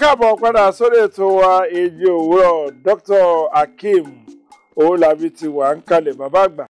káàbọ̀ padà sórí ètò wa èyí òwúrọ̀ Dr. Akeem olabi ti wà ń kalẹ̀ bàbá àgbà